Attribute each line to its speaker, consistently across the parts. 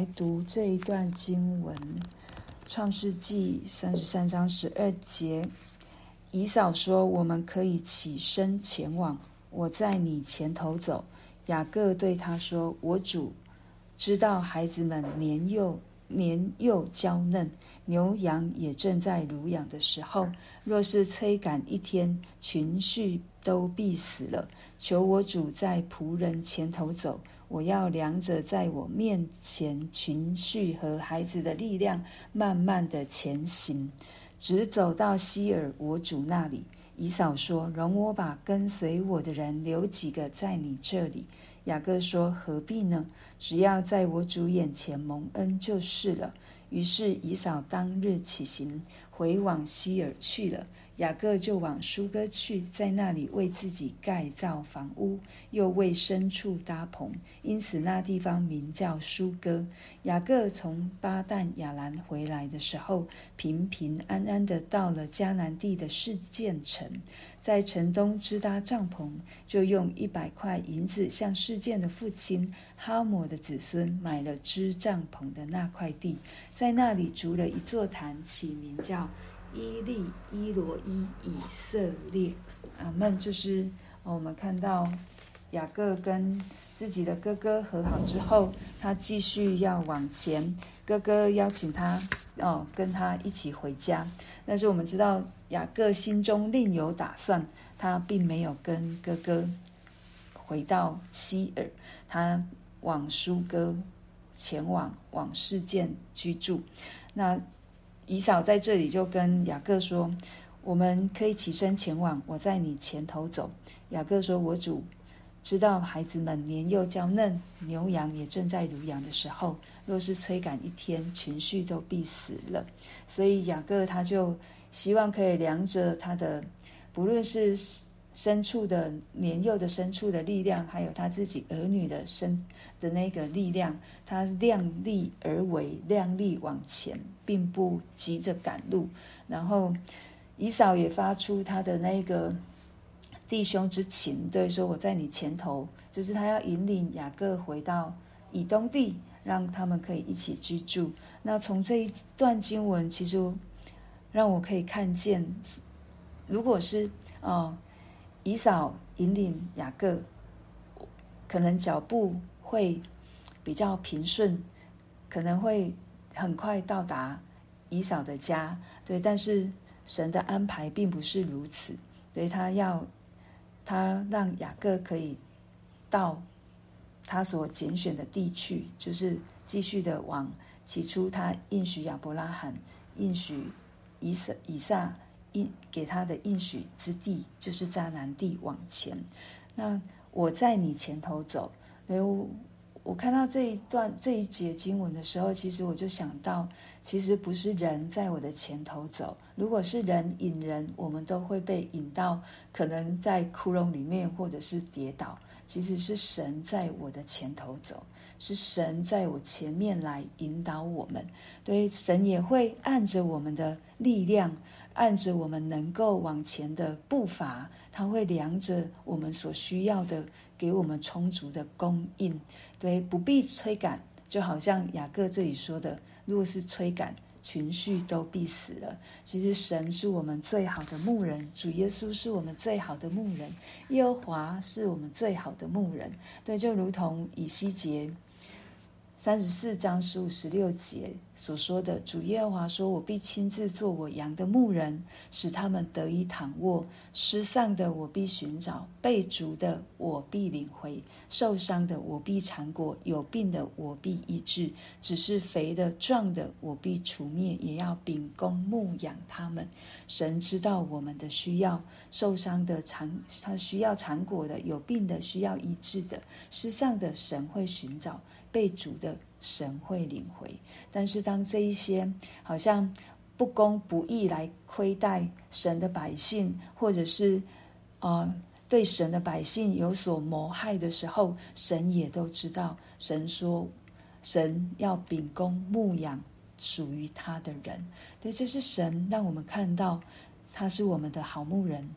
Speaker 1: 來讀這一段經文，《創世記》三十三章十二節。以掃說：“我們可以起身前往。”我在你前頭走。雅各對他說：“我主知道孩子們年幼，年幼嬌嫩，牛羊也正在乳養的時候，若是催趕一天，群畜。”都必死了。求我主在僕人前頭走，我要兩者在我面前，群畜和孩子的力量，慢慢地前行，直走到西珥我主那裡。以掃說：“容我把跟隨我的人留幾個在你這裡。”雅各說：“何必呢？只要在我主眼前蒙恩就是了。”於是以掃當日起行，回往西珥去了。雅各就往疏割去，在那裡為自己蓋造房屋，又為牲畜搭棚，因此那地方名叫疏割。雅各從巴旦亞蘭回來的時候，平平安安地到了迦南地的示劍城，在城東支搭帳篷，就用一百塊銀子向示劍的父親哈抹的子孫買了支帳篷的那塊地，在那裡築了一座壇，起名叫。伊利、伊羅伊、以色列，阿、啊、們，就是我們看到雅各跟自己的哥哥和好之後，他繼續要往前。哥哥邀請他，哦，跟他一起回家。但是我們知道雅各心中另有打算，他並沒有跟哥哥回到西珥，他往疏割前往，往示劍居住。那。以掃在這裡就跟雅各說：“我們可以起身前往，我在你前頭走。”雅各說：“我主知道孩子們年幼嬌嫩，牛羊也正在乳養的時候，若是催趕一天，群畜都必死了。所以雅各他就希望可以量着他的，不論是。”牲畜的年幼的牲畜的力量，還有他自己兒女的身的那個力量，他量力而為，量力往前，並不急着趕路。然後，以掃也發出他的那個弟兄之情，對說：“我在你前頭，就是他要引領雅各回到以東地，讓他們可以一起居住。”那從這一段經文，其實讓我可以看見，如果是啊。呃以掃引領雅各，可能腳步會比較平順，可能會很快到達以掃的家。對，但是神的安排並不是如此，所以他要他讓雅各可以到他所揀選的地區，就是繼續的往，起初他應許亞伯拉罕、應許以撒、以撒。應給他的應許之地，就是迦南地往前。那我在你前頭走。哎，我看到這一段這一節經文的時候，其實我就想到，其實不是人在我的前頭走。如果是人引人，我們都會被引到可能在窟窿裡面，或者是跌倒。其實是神在我的前頭走，是神在我前面來引導我們。所以神也會按着我們的力量。按着我們能夠往前的步伐，它會量着我們所需要的，給我們充足的供應。對，不必催趕，就好像雅各這裡說的，如果是催趕，群畜都必死了。其實神是我們最好的牧人，主耶穌是我們最好的牧人，耶和華是我們最好的牧人。對，就如同以西結三十四章十五十六節所說的，主耶和華說：“我必親自作我羊的牧人，使他們得以躺臥。失散的我必尋找，被逐的我必領回，受傷的我必纏裹，有病的我必醫治。只是肥的、壯的，我必除滅，也要秉公牧養他們。神知道我們的需要，受傷的他需要纏裹的；有病的需要醫治的，失散的神會尋找。”被主的神會領回，但是當這一些好像不公不義來虧待神的百姓，或者是啊、呃、對神的百姓有所謀害的時候，神也都知道。神說，神要秉公牧養屬於他的人，所以這、就是神讓我們看到他是我們的好牧人。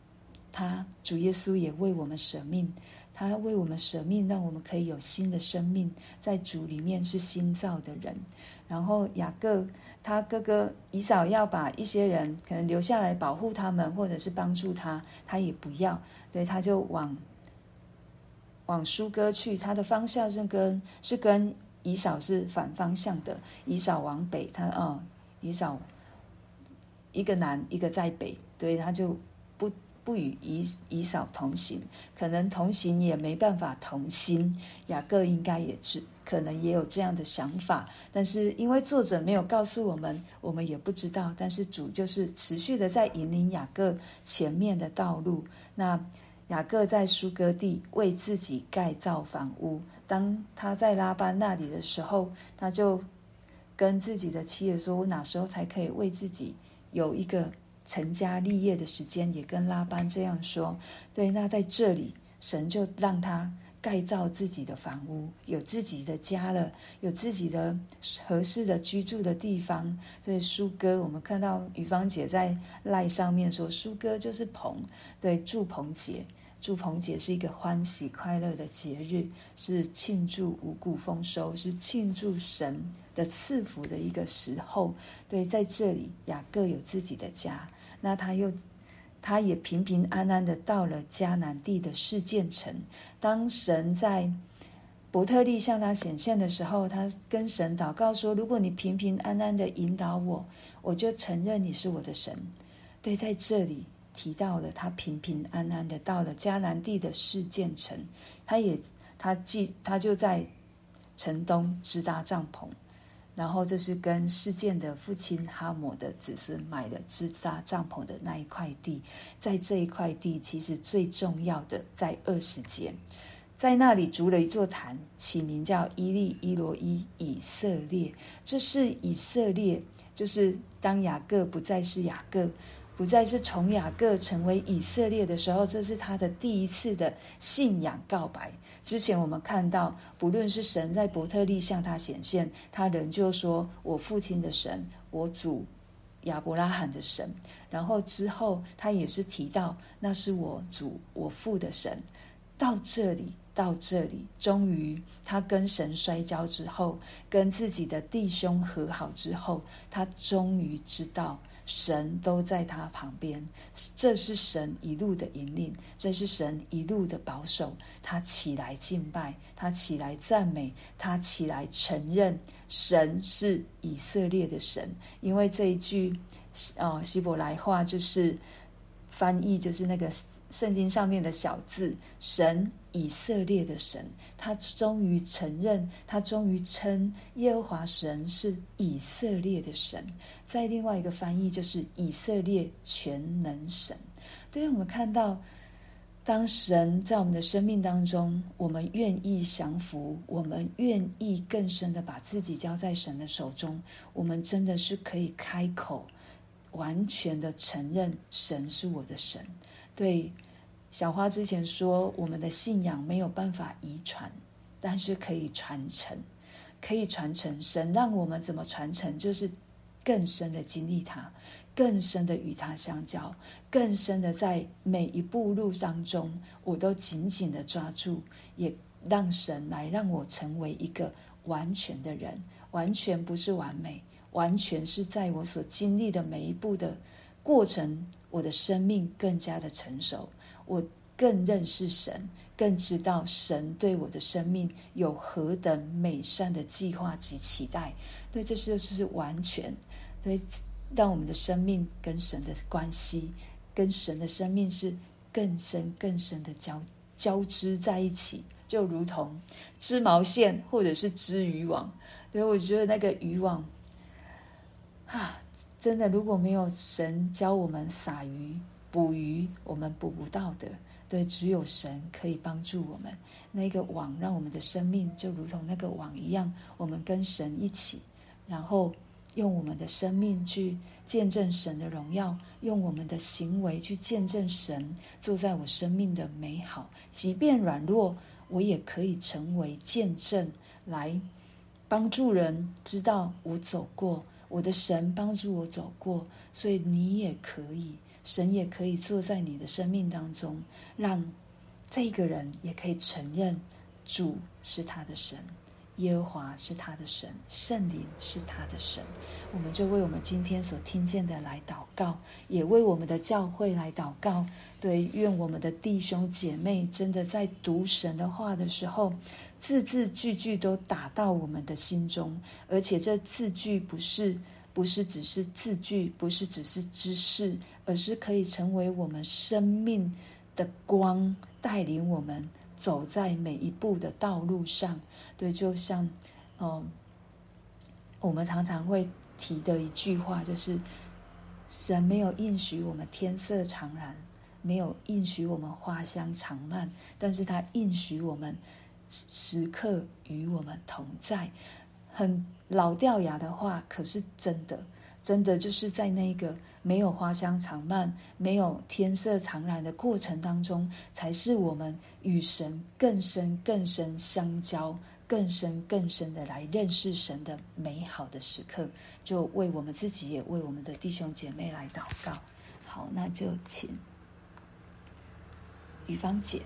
Speaker 1: 他主耶穌也為我們捨命。他為我們舍命，讓我們可以有新的生命，在主裡面是新造的人。然後雅各，他哥哥以掃要把一些人可能留下來保護他們，或者是幫助他，他也不要，所以他就往往疏割去。他的方向是跟是跟以掃是反方向的，以掃往北，他啊，哦、以掃，一個南一個在北，所以他就。不與以以掃同行，可能同行也沒辦法同心。雅各應該也是，可能也有這樣的想法，但是因為作者沒有告訴我們，我們也不知道。但是主就是持續的在引領雅各前面的道路。那雅各在疏割地為自己蓋造房屋，當他在拉班那裡的時候，他就跟自己的妻兒說：“我哪時候才可以為自己有一個？”成家立業的時間也跟拉班這樣說，對，那在這裡神就讓他蓋造自己的房屋，有自己的家了，有自己的合適的居住的地方。所以疏割，我們看到雨芳姐在賴上面說，疏割就是棚，對，住棚節，住棚節是一個歡喜快樂的節日，是慶祝五穀豐收，是慶祝神的賜福的一個時候。對，在這裡雅各有自己的家。那他又，他也平平安安的到了迦南地的示劍城。當神在伯特利向他顯現的時候，他跟神禱告說：“如果你平平安安的引導我，我就承認你是我的神。”對，在這裡提到了他平平安安的到了迦南地的示劍城，他也他既他就在城東支搭帳篷。然後，這是跟示劍的父親哈摩的子孫買的支搭帳篷的那一塊地，在這一塊地，其實最重要的在二十節，在那裡築了一座壇，起名叫伊利伊羅伊以色列。這是以色列，就是當雅各不再是雅各，不再是從雅各成為以色列的時候，這是他的第一次的信仰告白。之前我們看到，不論是神在伯特利向他顯現，他仍舊說“我父親的神，我祖亞伯拉罕的神”。然後之後，他也是提到那是我祖我父的神。到這裡，到這裡，終於他跟神摔跤之後，跟自己的弟兄和好之後，他終於知道。神都在他旁邊，這是神一路的引領，這是神一路的保守。他起來敬拜，他起來讚美，他起來承認神是以色列的神。因為這一句，哦，希伯來話就是翻譯就是那個聖經上面的小字，神。以色列的神，他終於承認，他終於稱耶和華神是以色列的神。在另外一個翻譯，就是以色列全能神。對，我們看到，當神在我們的生命當中，我們願意降服，我們願意更深地把自己交在神的手中，我們真的是可以開口，完全地承認神是我的神。對。小花之前說，我們的信仰沒有辦法遺傳，但是可以傳承，可以傳承神。神讓我們怎麼傳承，就是更深的經歷他，更深的與他相交，更深的在每一步路當中，我都緊緊的抓住，也讓神來讓我成為一個完全的人。完全不是完美，完全是在我所經歷的每一步的過程，我的生命更加的成熟。我更認識神，更知道神對我的生命有何等美善的計劃及期待。所以，這是就是完全，所以讓我們的生命跟神的關係，跟神的生命是更深更深的交交織在一起，就如同織毛線或者是織漁網。所以，我覺得那個漁網，啊，真的如果沒有神教我們撒魚。捕魚，我們捕不到的。對，只有神可以幫助我們。那個網讓我們的生命就如同那個網一樣，我們跟神一起，然後用我們的生命去見證神的榮耀，用我們的行為去見證神住在我生命的美好。即便軟弱，我也可以成為見證，來幫助人知道我走過，我的神幫助我走過。所以你也可以。神也可以坐在你的生命當中，讓這個人也可以承認主是他的神，耶和華是他的神，聖靈是他的神。我們就為我們今天所聽見的來禱告，也為我們的教會來禱告。對，願我們的弟兄姐妹真的在讀神的話的時候，字字句句都打到我們的心中，而且這字句不是不是只是字句，不是只是知識。而是可以成為我們生命的光，帶領我們走在每一步的道路上。對，就像，嗯，哦，我們常常會提的一句話，就是神沒有應許我們天色常藍，沒有應許我們花香常漫，但是他應許我們時刻與我們同在。很老掉牙的話，可是真的。真的就是在那個沒有花香長漫、沒有天色長染的過程當中，才是我們與神更深、更深相交、更深、更深的來認識神的美好的時刻。就為我們自己，也為我們的弟兄姐妹來禱告。好，那就請於芳姐。